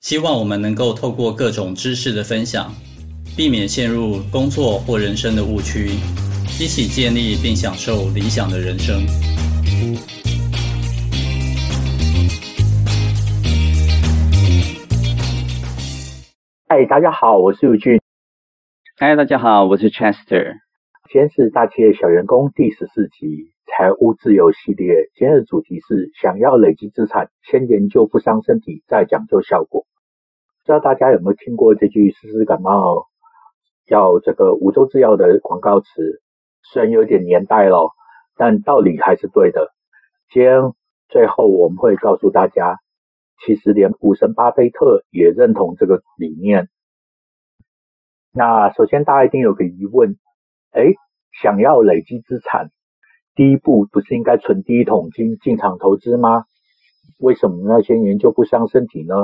希望我們能夠透過各種知識的分享，避免陷入工作或人生的誤區，一起建立並享受理想的人生。嗨、hey，大家好，我是尤金。嗨，大家好，我是 Chester。《閒是大企業小員工》第十四集，財務自由系列，今天的主題是想要累積資產，先研究不傷身體，再講究效果。不知道大家有沒有聽過這句“斯斯感冒”，叫這個五洲製藥的廣告詞，雖然有點年代了，但道理還是對的。今天最後我們會告訴大家，其實連股神巴菲特也認同這個理念。那首先大家一定有個疑問，誒，想要累積資產？第一步不是應該存第一桶金進場投資嗎？為什麼要先研究不傷身體呢？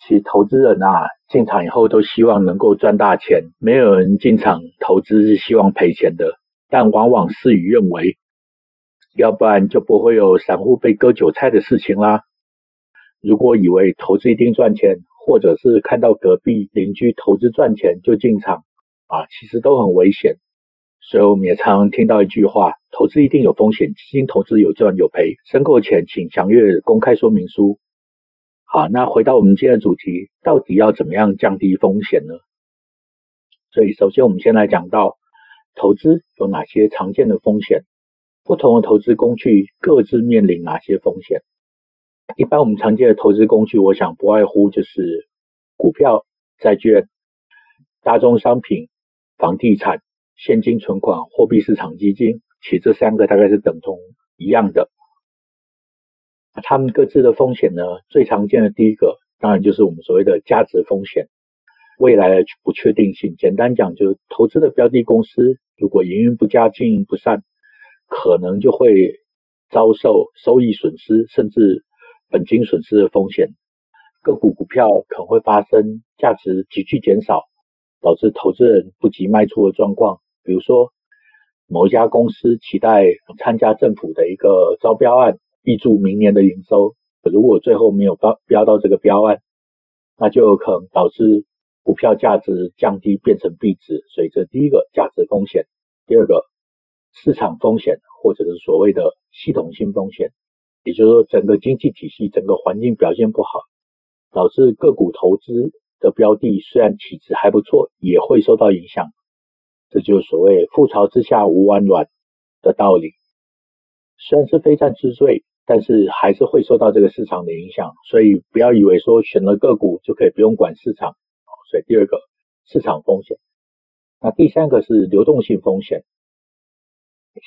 其實投資人啊進場以後都希望能夠賺大錢，沒有人進場投資是希望賠錢的，但往往事與願違，要不然就不會有散戶被割韭菜的事情啦。如果以為投資一定賺錢，或者是看到隔壁鄰居投資賺錢就進場啊，其實都很危險。所以我們也常常聽到一句話：投資一定有風險，基金投資有賺有賠。有賠，申購前請詳閱公開說明書。好，那回到我們今天的主題，到底要怎麼樣降低風險呢？所以首先我們先來講到投資有哪些常見的風險，不同的投資工具各自面臨哪些風險。一般我們常見的投資工具，我想不外乎就是股票、債券、大宗商品、房地產。現金存款、貨幣市場基金，其實這三個大概是等同一樣的。他們各自的風險呢？最常見的第一個，當然就是我們所謂的價值風險，未來的不確定性。簡單講，就是投資的標的公司如果營運不佳、經營不善，可能就會遭受收益損失，甚至本金損失的風險。個股股票可能會發生價值急劇減少，導致投資人不及賣出的狀況。比如說，某一家公司期待參加政府的一個招標案，挹注明年的營收。可如果最後沒有標標到這個標案，那就有可能導致股票價值降低，變成貶值。所以這第一個價值風險。第二個市場風險，或者是所謂的系統性風險，也就是說整個經濟體系、整個環境表現不好，導致個股投資的標的雖然體質還不錯，也會受到影響。這就是所謂覆巢之下無完卵的道理。雖然是非戰之罪，但是還是會受到這個市場的影響，所以不要以為說選了個股就可以不用管市場。所以第二個市場風險，那第三個是流動性風險，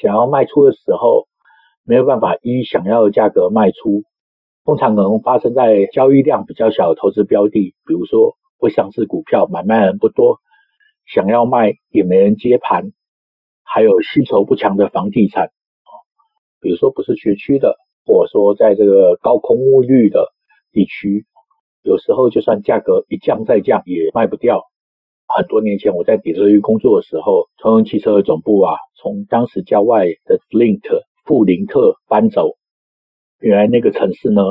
想要賣出的時候沒有辦法依想要的價格賣出，通常可能發生在交易量比較小的投資標的，比如說不上市股票買賣人不多。想要賣也沒人接盤，還有需求不強的房地產啊，比如說不是學區的，或者說在這個高空屋率的地區，有時候就算價格一降再降也賣不掉。很、啊、多年前我在底特律工作的時候，通用汽車的總部啊，從當時郊外的 Flint 富林特搬走，原來那個城市呢。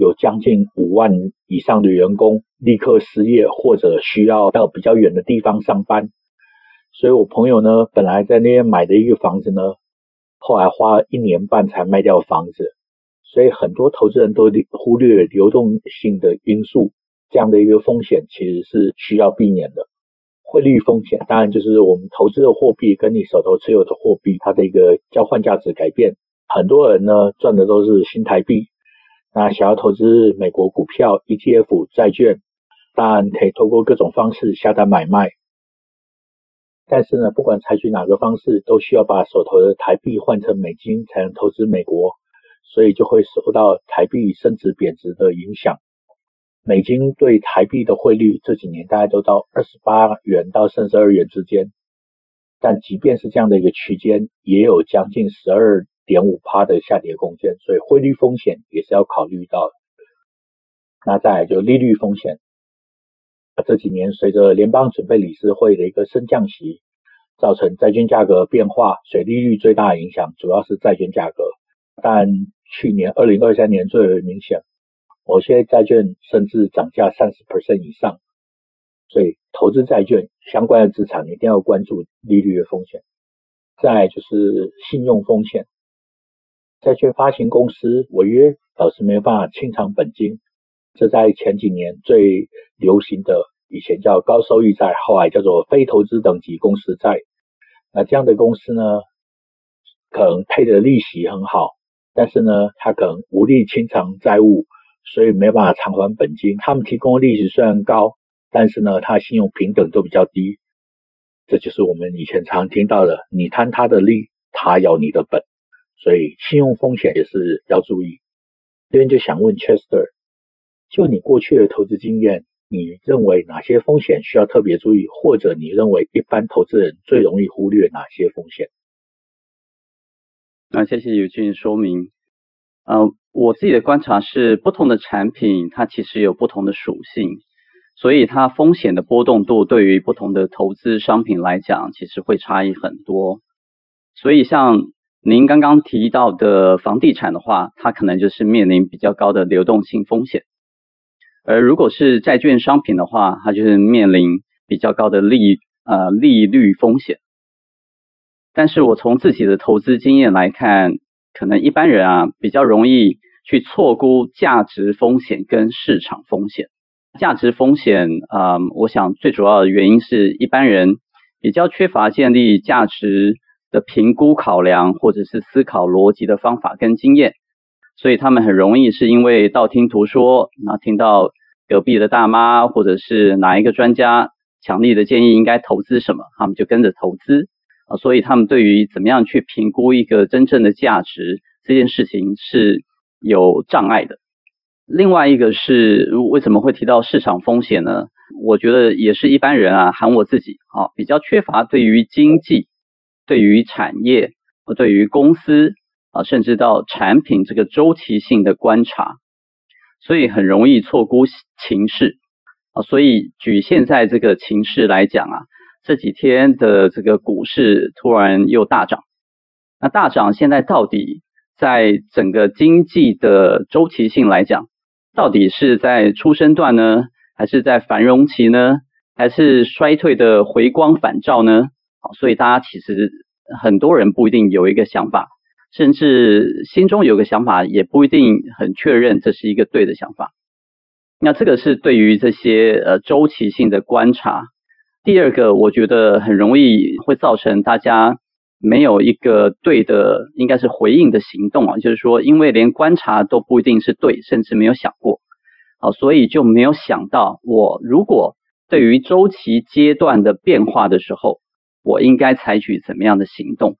有將近五萬以上的員工立刻失業，或者需要到比較遠的地方上班。所以，我朋友呢，本來在那邊買的一個房子呢，後來花了一年半才賣掉房子。所以，很多投資人都忽略了流動性的因素，這樣的一個風險其實是需要避免的。匯率風險，當然就是我們投資的貨幣跟你手頭持有的貨幣它的一個交換價值改變。很多人呢，賺的都是新台幣。那想要投資美國股票、ETF、債券，當然可以透過各種方式下單買賣。但是呢，不管採取哪個方式，都需要把手頭的台幣換成美金才能投資美國，所以就會受到台幣升值貶值的影響。美金對台幣的匯率這幾年大概都到二十八元到三十二元之間，但即便是這樣的一個區間，也有將近十二，點五趴的下跌空間，所以匯率風險也是要考慮到的。那再來就是利率風險，這幾年隨着聯邦準備理事會的一個升降息，造成債券價格變化，水利率最大的影響主要是債券價格。但去年二零二三年最為明顯，某些債券甚至漲價三十 percent 以上。所以投資債券相關的資產一定要關注利率的風險。再來就是信用風險。債券發行公司違約，導致沒辦法清償本金。這在前幾年最流行的，以前叫高收益債，後來叫做非投資等級公司債。那這樣的公司呢，可能配的利息很好，但是呢，它可能無力清償債務，所以沒辦法償還本金。他們提供的利息雖然高，但是呢，它信用評等都比較低。這就是我們以前常聽到的：你貪他的利，他要你的本。所以信用風險也是要注意。這邊就想問 Chester，就你過去的投資經驗，你認為哪些風險需要特別注意，或者你認為一般投資人最容易忽略哪些風險？那謝謝有請說明。呃，我自己的觀察是，不同的產品它其實有不同的屬性，所以它風險的波動度對於不同的投資商品來講，其實會差異很多。所以像您剛剛提到的房地產的話，它可能就是面臨比較高的流動性風險；而如果是債券商品的話，它就是面臨比較高的利，呃，利率風險。但是我從自己的投資經驗來看，可能一般人啊比較容易去錯估價值風險跟市場風險。價值風險，啊、呃，我想最主要的原因是一般人比較缺乏建立價值。的評估考量，或者是思考邏輯的方法跟經驗，所以他們很容易是因為道聽途說，啊，聽到隔壁的大媽，或者是哪一個專家強力的建議應該投資什麼，他們就跟着投資啊。所以他們對於怎麼樣去評估一個真正的價值這件事情是有障礙的。另外一個是為什麼會提到市場風險呢？我覺得也是一般人啊，喊我自己啊，比較缺乏對於經濟。對於產業啊，對於公司啊，甚至到產品這個週期性的觀察，所以很容易錯估情勢啊。所以，舉現在這個情勢來講啊，這幾天的這個股市突然又大漲，那大漲現在到底在整個經濟的週期性來講，到底是在出生段呢，還是在繁榮期呢，還是衰退的迴光返照呢？好，所以大家其實很多人不一定有一個想法，甚至心中有個想法也不一定很確認這是一個對的想法。那這個是對於這些呃週期性的觀察。第二個，我覺得很容易會造成大家沒有一個對的，應該是回應的行動啊，就是說，因為連觀察都不一定是對，甚至沒有想過。好，所以就沒有想到我如果對於週期階段的變化的時候。我應該採取怎麼樣的行動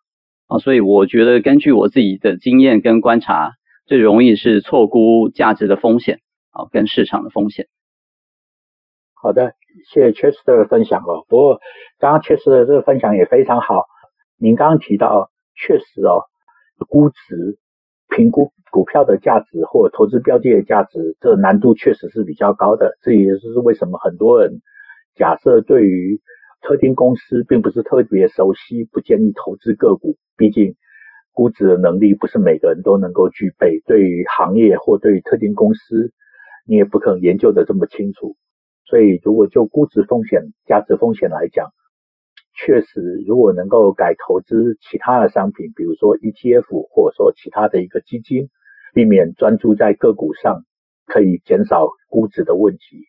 啊？所以我覺得，根據我自己的經驗跟觀察，最容易是錯估價值的風險啊，跟市場的風險。好的，謝謝 Chester 的分享哦。不過剛剛 Chester 的這個分享也非常好，您剛剛提到確實哦，估值評估股票的價值或投資標的的價值，這難度確實是比較高的。這也是為什麼很多人假設對於特定公司並不是特別熟悉，不建議投資個股。畢竟估值的能力不是每個人都能夠具備，對於行業或對於特定公司，你也不可能研究得這麼清楚。所以，如果就估值風險、價值風險來講，確實，如果能夠改投資其他的商品，比如說 ETF，或者說其他的一個基金，避免專注在個股上，可以減少估值的問題。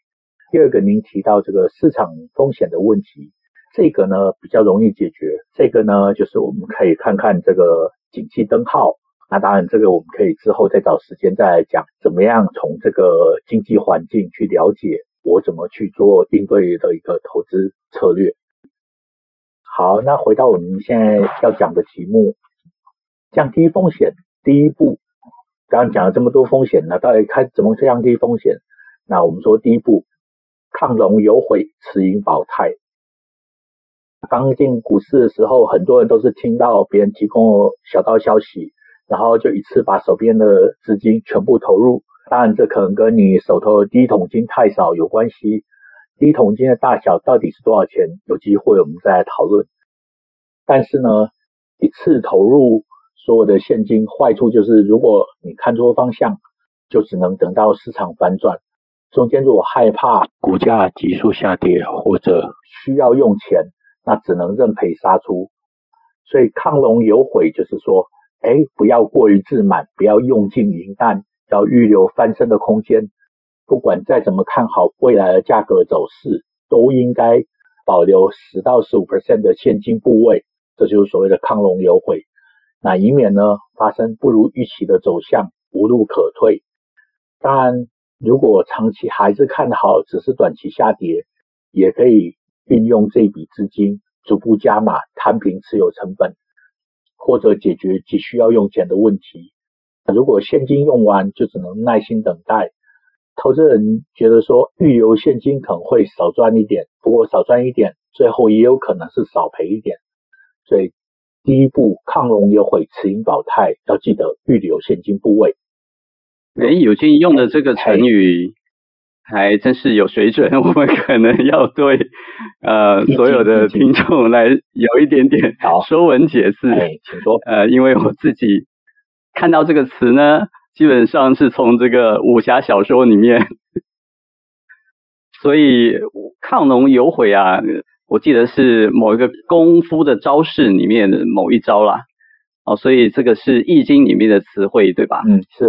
第二個，您提到這個市場風險的問題。這個呢比較容易解決，這個呢就是我們可以看看這個景氣燈號。那當然，這個我們可以之後再找時間再來講，怎麼樣從這個經濟環境去了解我怎麼去做應對的一個投資策略。好，那回到我們現在要講的題目，降低風險，第一步，剛剛講了這麼多風險呢，那到底看怎麼降低風險？那我們說第一步，亢龍有悔，持盈保泰。剛進股市的時候，很多人都是聽到別人提供小道消息，然後就一次把手邊的資金全部投入。當然，這可能跟你手頭的第一桶金太少有關係。第一桶金的大小到底是多少錢？有機會我們再來討論。但是呢，一次投入所有的現金，壞處就是如果你看錯方向，就只能等到市場反轉。中間如果害怕股價急速下跌，或者需要用錢。那只能認賠殺出，所以亢龍有悔，就是說，哎、欸，不要過於自滿，不要用盡銀彈，要預留翻身的空間。不管再怎麼看好未來的價格走勢，都應該保留十到十五 percent 的現金部位，這就是所謂的亢龍有悔。那以免呢發生不如預期的走向，無路可退。當然，如果長期還是看好，只是短期下跌，也可以，運用這筆資金，逐步加碼攤平持有成本，或者解決急需要用錢的問題。如果現金用完，就只能耐心等待。投資人覺得說，預留現金可能會少賺一點，不過少賺一點，最後也有可能是少賠一點。所以，第一步，亢龍有悔，持盈保泰，要記得預留現金部位。欸，尤金用的這個成語、欸、還真是有水準，我們可能要對。呃，所有的聽眾來有一點點說文解字、呃哎。請說。呃，因為我自己看到這個詞呢，基本上是從這個武俠小說裡面，所以亢龍有悔啊，我記得是某一個功夫的招式裡面的某一招啦。哦，所以這個是《易經》裡面的詞彙，對吧？嗯，是。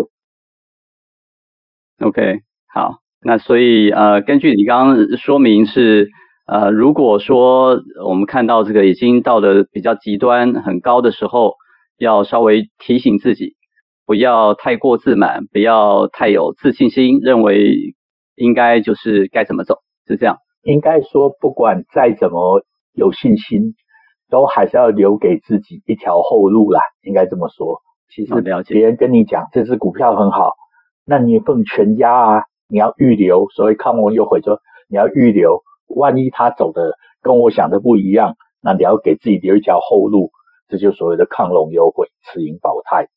OK，好，那所以呃，根據你剛剛說明是。呃，如果說我們看到這個已經到了比較極端、很高的時候，要稍微提醒自己，不要太過自滿，不要太有自信心，認為應該就是該怎麼走，是這樣。應該說，不管再怎麼有信心，都還是要留給自己一條後路啦，應該這麼說。其實，別人跟你講、嗯、這只股票很好，那你也不能全壓啊，你要預留。所以，亢龍有悔，說你要預留。萬一他走的跟我想的不一樣，那你要給自己留一條後路，這就所謂的亢龍有悔、持盈保泰。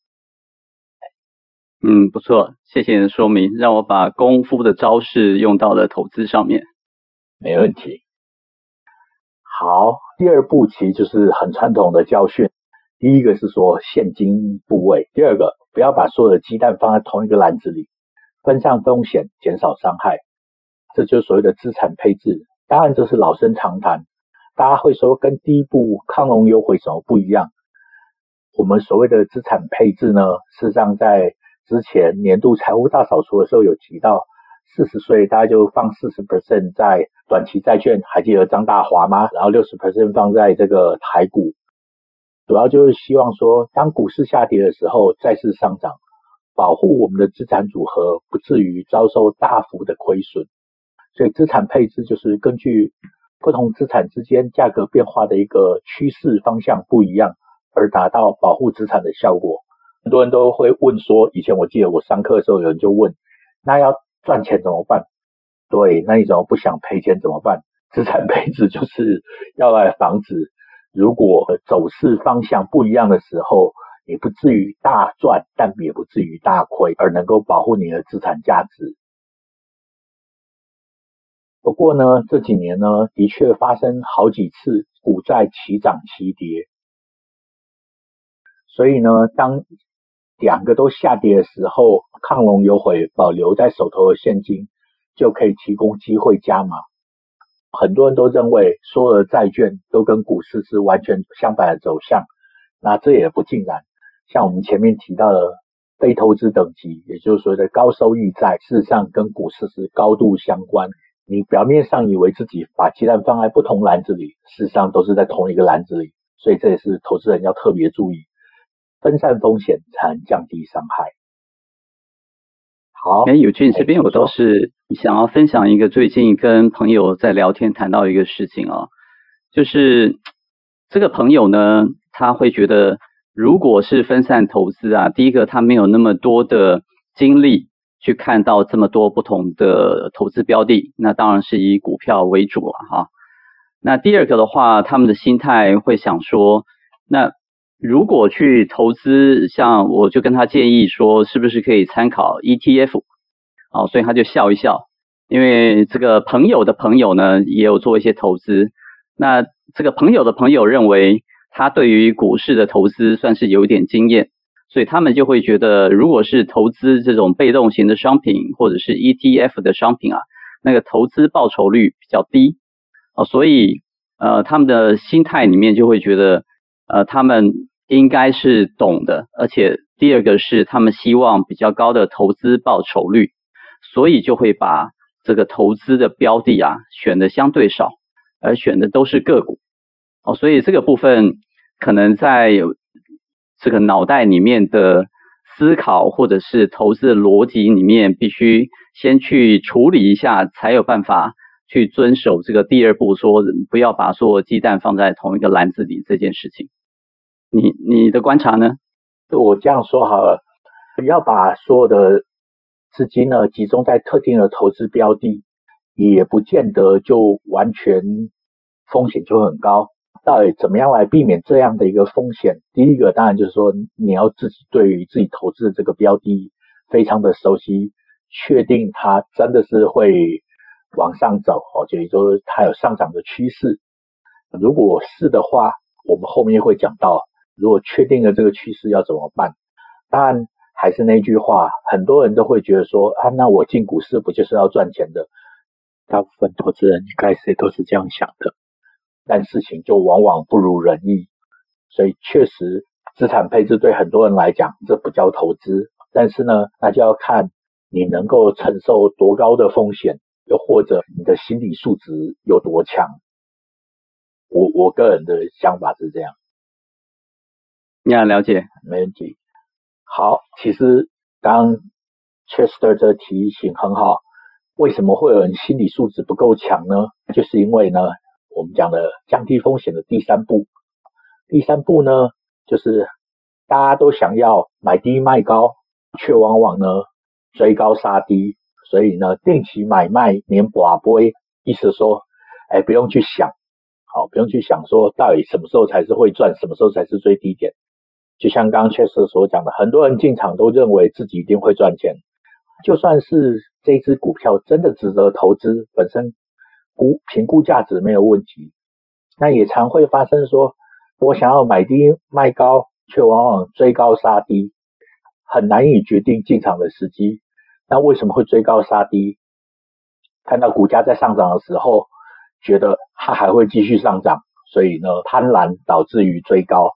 嗯，不錯，謝謝你的說明，讓我把功夫的招式用到了投資上面。沒問題。好，第二步棋就是很傳統的教訓，第一個是說現金部位，第二個不要把所有的雞蛋放在同一個籃子裡，分散風險，減少傷害，這就是所謂的資產配置。答案就是老生常談，大家會說跟第一步亢龍有悔什麼不一樣？我們所謂的資產配置呢，事實上在之前年度財務大掃除的時候有提到，四十歲大家就放四十 percent 在短期債券，還記得張大華嗎？然後六十 percent 放在這個台股，主要就是希望說，當股市下跌的時候再次上漲，保護我們的資產組合不至於遭受大幅的虧損。所以資產配置就是根據不同資產之間價格變化的一個趨勢方向不一樣，而達到保護資產的效果。很多人都會問說，以前我記得我上課的時候有人就問，那要賺錢怎麼辦？對，那你怎麼不想賠錢怎麼辦？資產配置就是要來防止，如果走勢方向不一樣的時候，你不至於大賺，但也不至於大虧，而能夠保護你的資產價值。不過呢，這幾年呢，的確發生好幾次股債齊漲齊跌，所以呢，當兩個都下跌的時候，亢龍有悔保留在手頭的現金，就可以提供機會加碼。很多人都認為，所有的債券都跟股市是完全相反的走向，那這也不盡然。像我們前面提到的非投資等級，也就是所謂的高收益債，事實上跟股市是高度相關。你表面上以為自己把雞蛋放在不同籃子裡，事實上都是在同一個籃子裡，所以這也是投資人要特別注意，分散風險才能降低傷害。好，哎，尤金這邊我倒是想要分享一個最近跟朋友在聊天談到一個事情啊、哦，就是這個朋友呢，他會覺得如果是分散投資啊，第一個他沒有那麼多的精力。去看到這麼多不同的投資標的，那當然是以股票為主了，啊、哈、啊。那第二個的話，他們的心態會想說，那如果去投資，像我就跟他建議說，是不是可以參考 ETF？哦，啊，所以他就笑一笑，因為這個朋友的朋友呢，也有做一些投資。那這個朋友的朋友認為，他對於股市的投資算是有點經驗。所以他們就會覺得，如果是投資這種被動型的商品或者是 ETF 的商品啊，那個投資報酬率比較低，啊、哦，所以呃，他們的心態裡面就會覺得，呃，他們應該是懂的，而且第二個是他們希望比較高的投資報酬率，所以就會把這個投資的標的啊選的相對少，而選的都是個股，哦，所以這個部分可能在有。這個腦袋裡面的思考，或者是投資的邏輯裡面，必須先去處理一下，才有辦法去遵守這個第二步，說不要把所有雞蛋放在同一個籃子裡這件事情你，你你的觀察呢？我這樣說好了，要把所有的資金呢，集中在特定的投資標的，也不見得就完全風險就很高。到底怎麼樣來避免這樣的一個風險？第一個當然就是說，你要自己對於自己投資的這個標的非常的熟悉，確定它真的是會往上走哦，就是說它有上漲的趨勢。如果是的話，我們後面會講到，如果確定了這個趨勢要怎麼辦？當然還是那句話，很多人都會覺得說啊，那我進股市不就是要賺錢的？大部分投資人應該誰都是這樣想的。但事情就往往不如人意，所以確實資產配置對很多人來講，這不叫投資。但是呢，那就要看你能夠承受多高的風險，又或者你的心理素質有多強。我我個人的想法是這樣。你、啊、很了解，沒問題。好，其實剛剛，Chester 的提醒很好。為什麼會有人心理素質不夠強呢？就是因為呢。我們講的降低風險的第三步，第三步呢，就是大家都想要買低賣高，卻往往呢追高殺低，所以呢定期買賣免博杯，意思說，哎，不用去想，好，不用去想說到底什麼時候才是會賺，什麼時候才是最低點，就像剛剛 Chester 所講的，很多人進場都認為自己一定會賺錢，就算是這只股票真的值得投資本身，估評估價值沒有問題，那也常會發生說，我想要買低賣高，卻往往追高殺低，很難以決定進場的時機。那為什麼會追高殺低？看到股價在上漲的時候，覺得它還會繼續上漲，所以呢，貪婪導致於追高。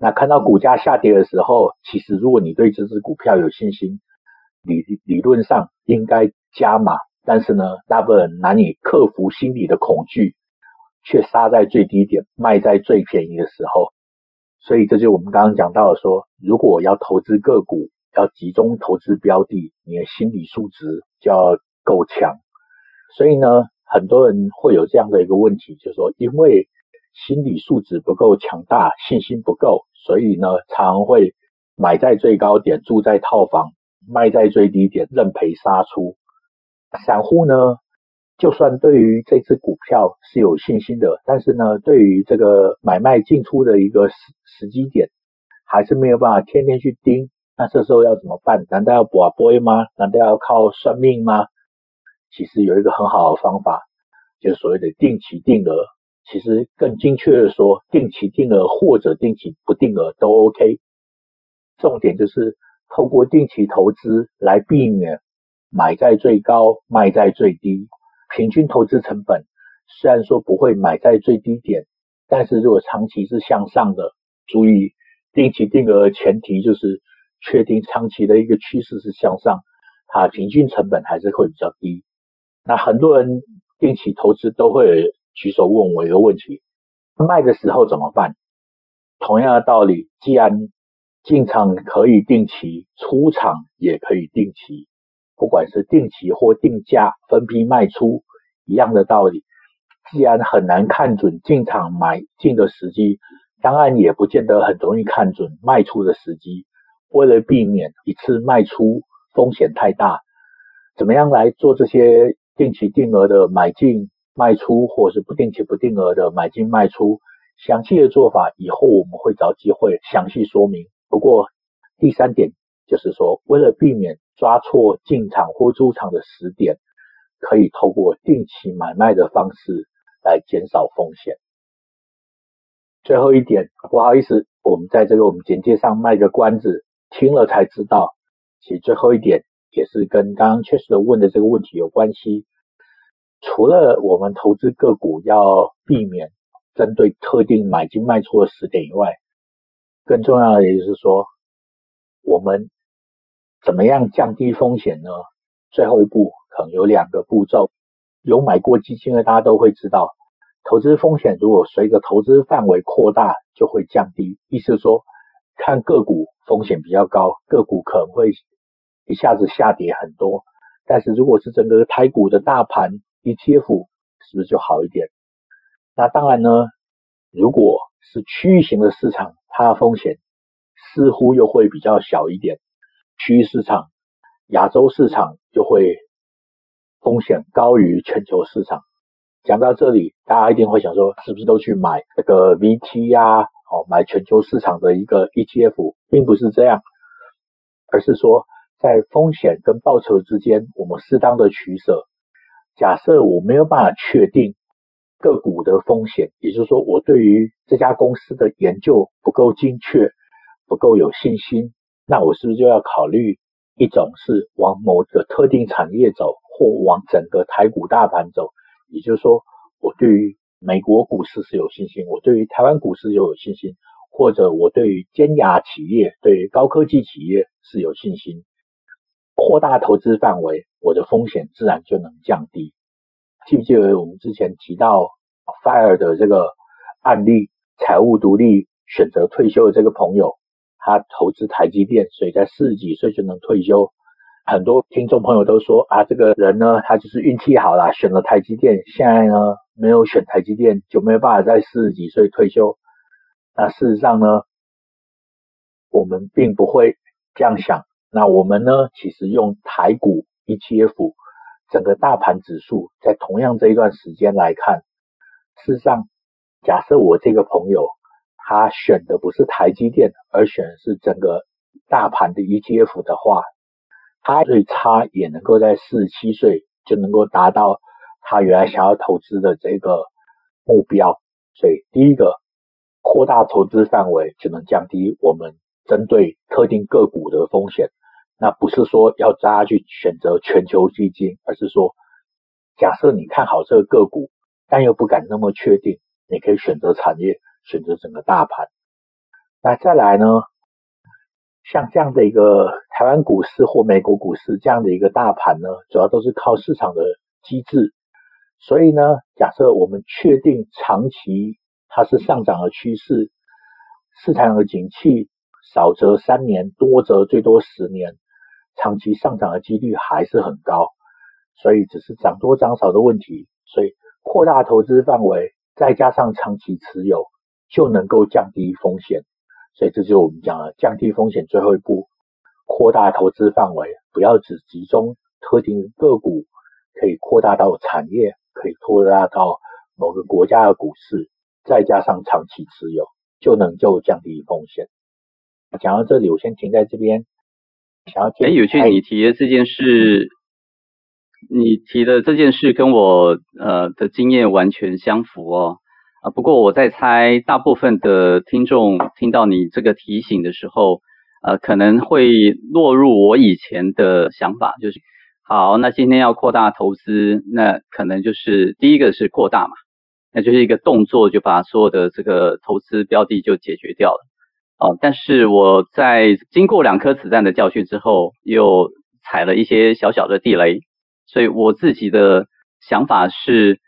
那看到股價下跌的時候，其實如果你對這隻股票有信心，理，理論上應該加碼。但是呢，大部分人難以克服心理的恐懼，卻殺在最低點，賣在最便宜的時候。所以，這就是我們剛剛講到的說，如果要投資個股，要集中投資標的，你的心理素質就要夠強。所以呢，很多人會有這樣的一個問題，就是說，因為心理素質不夠強大，信心不夠，所以呢，常常會買在最高點，住在套房，賣在最低點，認賠殺出。散戶呢，就算對於這隻股票是有信心的，但是呢，對於這個買賣進出的一個時時機點，還是沒有辦法天天去盯。那這時候要怎麼辦？難道要博杯嗎？難道要靠算命嗎？其實有一個很好的方法，就是、所謂的定期定額。其實更精確的說，定期定額或者定期不定額都 OK。重點就是透過定期投資來避免，買在最高，賣在最低，平均投資成本雖然說不會買在最低點，但是如果長期是向上的，注意定期定額前提就是確定長期的一個趨勢是向上，它平均成本還是會比較低。那很多人定期投資都會舉手問我一個問題：賣的時候怎麼辦？同樣的道理，既然進場可以定期，出場也可以定期。不管是定期或定價分批賣出，一樣的道理。既然很難看準進場買進的時機，當然也不見得很容易看準賣出的時機。為了避免一次賣出風險太大，怎麼樣來做這些定期定額的買進賣出，或者是不定期不定額的買進賣出？詳細的做法以後我們會找機會詳細說明。不過第三點。就是說，為了避免抓錯進場或出場的時點，可以透過定期買賣的方式來減少風險。最後一點，不好意思，我們在這個我們簡介上賣個關子，聽了才知道。其實最後一點也是跟剛剛確實問的這個問題有關係。除了我們投資個股要避免針對特定買進賣出的時點以外，更重要的也就是說，我們怎麼樣降低風險呢？最後一步可能有兩個步驟。有買過基金的大家都會知道，投資風險如果隨着投資範圍擴大就會降低。意思說，看個股風險比較高，個股可能會一下子下跌很多。但是如果是整個台股的大盤 ETF，是不是就好一點？那當然呢，如果是區域型的市場，它的風險似乎又會比較小一點。區域市場、亞洲市場就會風險高於全球市場。講到這裡，大家一定會想說，是不是都去買這個 VT 呀？哦，買全球市場的一個 ETF，並不是這樣，而是說在風險跟報酬之間，我們適當的取捨。假設我沒有辦法確定個股的風險，也就是說，我對於這家公司的研究不夠精確，不夠有信心。那我是不是就要考慮一種是往某個特定產業走，或往整個台股大盤走？也就是說，我對於美國股市是有信心，我對於台灣股市又有信心，或者我對於尖牙企業、對於高科技企業是有信心，擴大投資範圍，我的風險自然就能降低。記不記得我們之前提到 Fire 的這個案例，財務獨立、選擇退休的這個朋友？他投資台積電，所以在四十幾歲就能退休。很多聽眾朋友都說啊，這個人呢，他就是運氣好啦，選了台積電。現在呢，沒有選台積電，就沒有辦法在四十幾歲退休。那事實上呢，我們並不會這樣想。那我們呢，其實用台股 ETF，整個大盤指數，在同樣這一段時間來看，事實上，假設我這個朋友。他選的不是台積電，而選的是整個大盤的 ETF 的話，他最差也能夠在四十七歲就能夠達到他原來想要投資的這個目標。所以第一個，擴大投資範圍，就能降低我們針對特定個股的風險。那不是說要大家去選擇全球基金，而是說，假設你看好這個個股，但又不敢那麼確定，你可以選擇產業。選擇整個大盤，那再來呢？像這樣的一個台灣股市或美國股市這樣的一個大盤呢，主要都是靠市場的機制。所以呢，假設我們確定長期它是上漲的趨勢，市場的景氣少則三年，多則最多十年，長期上漲的幾率還是很高，所以只是漲多漲少的問題。所以擴大投資範圍，再加上長期持有就能夠降低風險，所以這就是我們講的降低風險最後一步，擴大投資範圍，不要只集中特定個股，可以擴大到產業，可以擴大到某個國家的股市，再加上長期持有，就能夠降低風險。講到這裡，我先停在這邊，想要，哎，有趣，你提的這件事，你提的這件事跟我的、呃、的經驗完全相符哦。啊，不過我在猜，大部分的聽眾聽到你這個提醒的時候，呃，可能會落入我以前的想法，就是好，那今天要擴大投資，那可能就是第一個是擴大嘛，那就是一個動作就把所有的這個投資標的就解決掉了。哦，但是我在經過兩顆子彈的教訓之後，又踩了一些小小的地雷，所以我自己的想法是。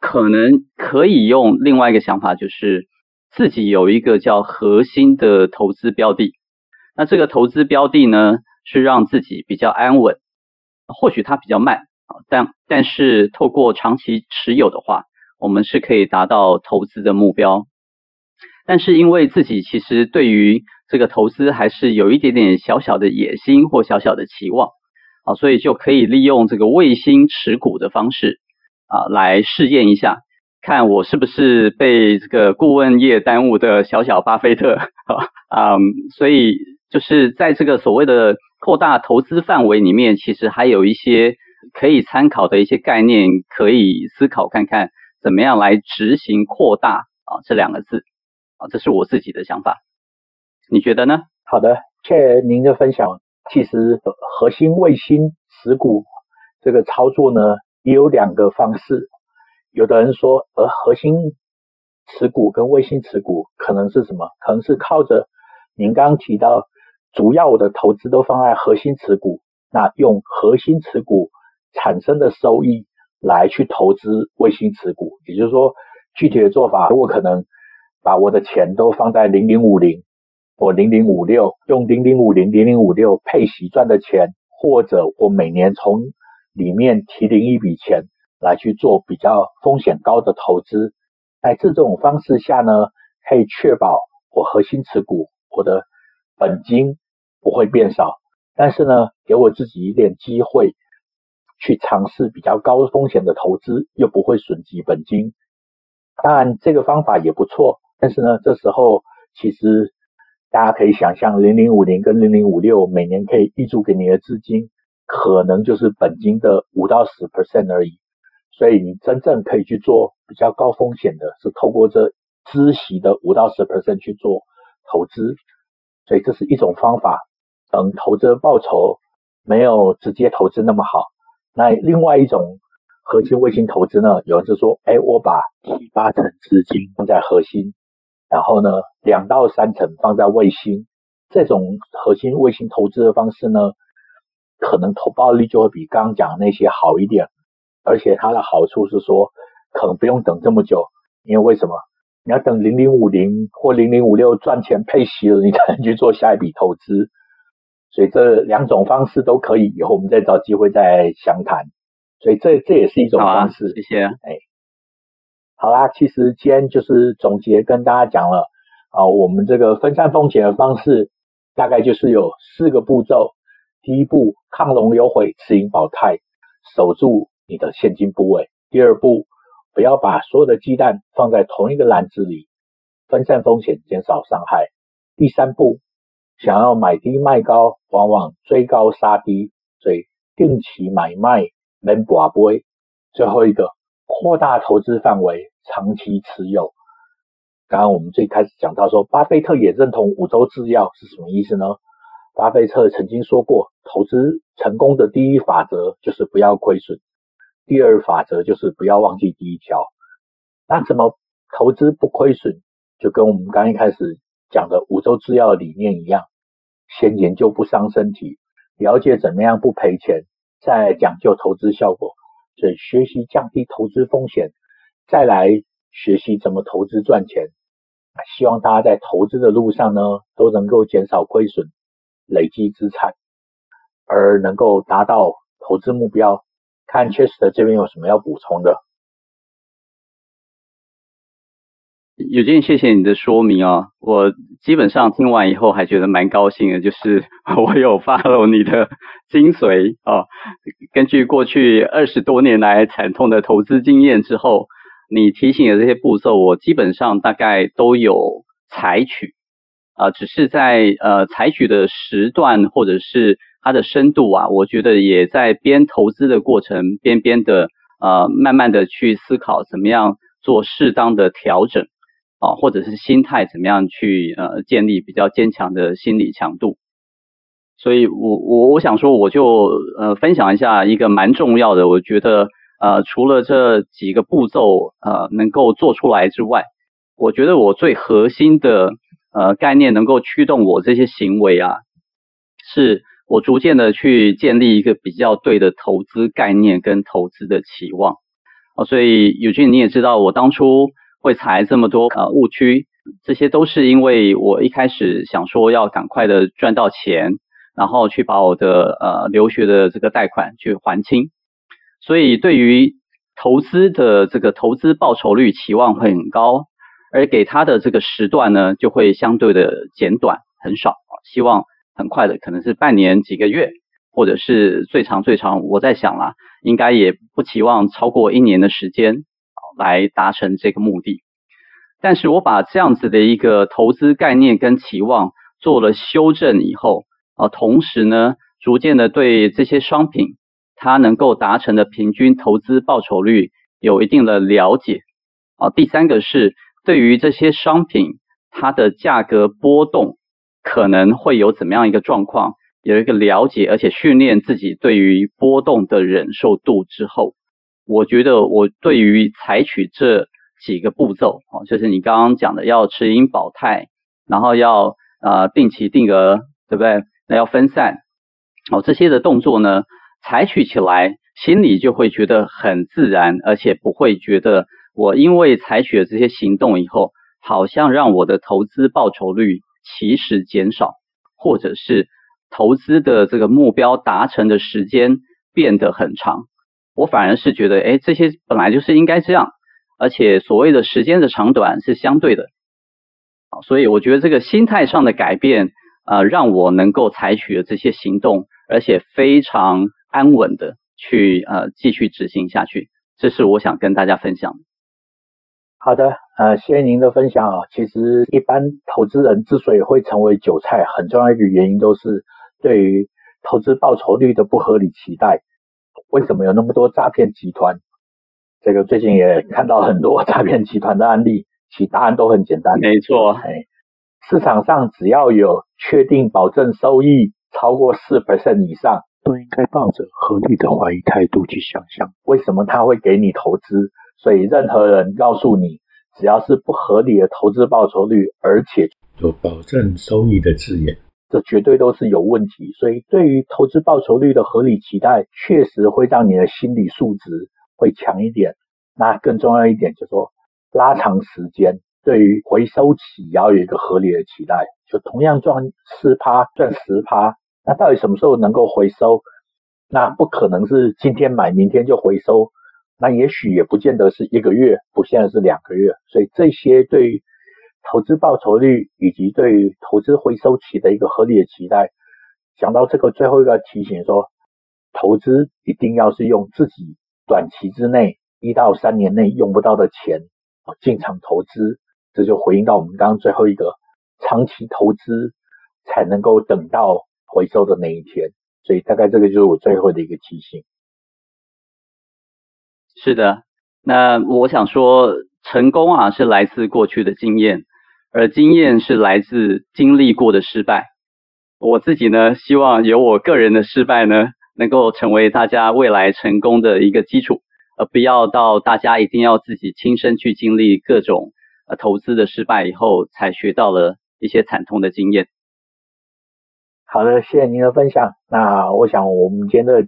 可能可以用另外一個想法，就是自己有一個叫核心的投資標的，那這個投資標的呢，是讓自己比較安穩，或許它比較慢啊，但但是透過長期持有的話，我們是可以達到投資的目標。但是因為自己其實對於這個投資還是有一點點小小的野心或小小的期望，啊，所以就可以利用這個衛星持股的方式。啊，來試驗一下，看我是不是被這個顧問業耽誤的小小巴菲特啊，嗯，所以就是在這個所謂的擴大投資範圍裡面，其實還有一些可以參考的一些概念，可以思考看看怎麼樣來執行擴大啊這兩個字啊，這是我自己的想法，你覺得呢？好的，謝謝您的分享。其實核心、衛星、持股這個操作呢，也有兩個方式，有的人說，而核心持股跟衛星持股可能是什麼？可能是靠着您剛剛提到，主要我的投資都放在核心持股，那用核心持股產生的收益來去投資衛星持股，也就是說，具體的做法，我可能把我的錢都放在零零五零，我零零五六，用零零五零、零零五六配息賺的錢，或者我每年從裡面提領一筆錢來去做比較風險高的投資，在這種方式下呢，可以確保我核心持股，我的本金不會變少，但是呢，給我自己一點機會去嘗試比較高風險的投資，又不會損及本金。當然這個方法也不錯，但是呢，這時候其實大家可以想象零零五零跟零零五六每年可以預付給你的資金，可能就是本金的五到十 percent 而已，所以你真正可以去做比較高風險的，是透過這孳息的五到十 percent 去做投資，所以這是一種方法。等投資報酬沒有直接投資那麼好。那另外一種核心衛星投資呢？有人就說：哎，我把七八成資金放在核心，然後呢，兩到三成放在衛星。這種核心衛星投資的方式呢，可能投報率就會比剛剛講的那些好一點，而且它的好處是說，可能不用等這麼久，因為為什麼？你要等零零五零或零零五六賺錢配息了，你才能去做下一筆投資。所以這兩種方式都可以，以後我們再找機會再詳談。所以這這也是一種方式好啊。謝謝。哎，好啦，其實今天就是總結跟大家講了啊，我們這個分散風險的方式，大概就是有四個步驟。第一步，亢龍有悔，持盈保泰，守住你的現金部位。第二步，不要把所有的雞蛋放在同一個籃子裡，分散風險，減少傷害。第三步，想要買低賣高，往往追高殺低，所以定期買賣免博杯。最後一個，擴大投資範圍，長期持有。剛剛我們最開始講到說，巴菲特也認同五洲制藥是什麼意思呢？巴菲特曾經說過，投資成功的第一法則就是不要虧損，第二法則就是不要忘記第一條。那怎麼投資不虧損？就跟我們剛一開始講的五洲製藥的理念一樣，先研究不傷身體，了解怎麼樣不賠錢，再講究投資效果。所以學習降低投資風險，再來學習怎麼投資賺錢。希望大家在投資的路上呢，都能夠減少虧損。累積資產，而能夠達到投資目標。看 Chester 這邊有什麼要補充的？尤金，謝謝你的說明哦，我基本上聽完以後還覺得蠻高興的，就是我有 follow 你的精髓啊、哦。根據過去二十多年來慘痛的投資經驗之後，你提醒的這些步驟，我基本上大概都有採取。啊，只是在呃採取的時段或者是它的深度啊，我覺得也在邊投資的過程邊邊的呃慢慢的去思考怎麼樣做適當的調整啊，或者是心態怎麼樣去呃建立比較堅強的心理強度。所以我我我想說，我就呃分享一下一個蠻重要的，我覺得呃除了這幾個步驟呃能夠做出來之外，我覺得我最核心的。呃，概念能夠驅動我這些行為啊，是我逐漸的去建立一個比較對的投資概念跟投資的期望。哦，所以 Eugene 你也知道，我當初會踩這麼多呃誤區，這些都是因為我一開始想說要趕快的賺到錢，然後去把我的呃留學的這個貸款去還清。所以對於投資的這個投資報酬率期望會很高。而給他的這個時段呢，就會相對的減短很少啊，希望很快的，可能是半年幾個月，或者是最長最長，我在想啦，應該也不期望超過一年的時間，啊，來達成這個目的。但是我把這樣子的一個投資概念跟期望做了修正以後，啊，同時呢，逐漸的對這些商品它能夠達成的平均投資報酬率有一定的了解啊，第三個是。對於這些商品，它的價格波動可能會有怎麼樣一個狀況，有一個了解，而且訓練自己對於波動的忍受度之後，我覺得我對於採取這幾個步驟，哦，就是你剛剛講的要持盈保泰，然後要，呃，定期定額，對不對？那要分散，哦，這些的動作呢，採取起來心裡就會覺得很自然，而且不會覺得。我因為採取了這些行動以後，好像讓我的投資報酬率其實減少，或者是投資的這個目標達成的時間變得很長。我反而是覺得，哎，這些本來就是應該這樣，而且所謂的時間的長短是相對的。所以我覺得這個心態上的改變，呃，讓我能夠採取了這些行動，而且非常安穩的去呃繼續執行下去。這是我想跟大家分享的。好的，呃，謝謝您的分享啊、哦。其實，一般投資人之所以會成為韭菜，很重要一個原因都是對於投資報酬率的不合理期待。為什麼有那麼多詐騙集團？這個最近也看到很多詐騙集團的案例，其答案都很簡單。沒錯，哎、市場上只要有確定保證收益超過四%以上，都應該抱着合理的懷疑態度去想象，為什麼他會給你投資？所以，任何人告訴你，只要是不合理的投資報酬率，而且有保證收益的字眼，這絕對都是有問題。所以，對於投資報酬率的合理期待，確實會讓你的心理素質會強一點。那更重要一點就是說，拉長時間，對於回收期也要有一個合理的期待。就同樣賺四趴，賺十趴，那到底什麼時候能夠回收？那不可能是今天買，明天就回收。那也許也不見得是一個月，不見得是兩個月，所以這些對於投資報酬率以及對於投資回收期的一個合理的期待，講到這個最後一個提醒說，投資一定要是用自己短期之內一到三年內用不到的錢啊，進場投資，這就回應到我們剛剛最後一個長期投資才能夠等到回收的那一天，所以大概這個就是我最後的一個提醒。是的，那我想說，成功啊是來自過去的經驗，而經驗是來自經歷過的失敗。我自己呢，希望由我個人的失敗呢，能夠成為大家未來成功的一個基礎，而不要到大家一定要自己親身去經歷各種、啊、投資的失敗以後，才學到了一些慘痛的經驗。好的，謝謝您的分享。那我想我們今天的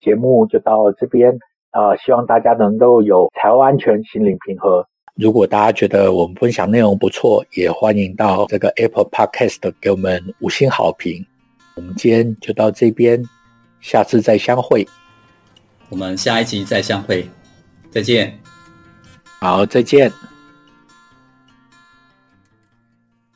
節目就到這邊。啊、呃，希望大家能夠有財務安全、心靈平和。如果大家覺得我們分享內容不錯，也歡迎到這個 Apple Podcast 給我們五星好評。我們今天就到這邊，下次再相會。我們下一集再相會，再見。好，再見。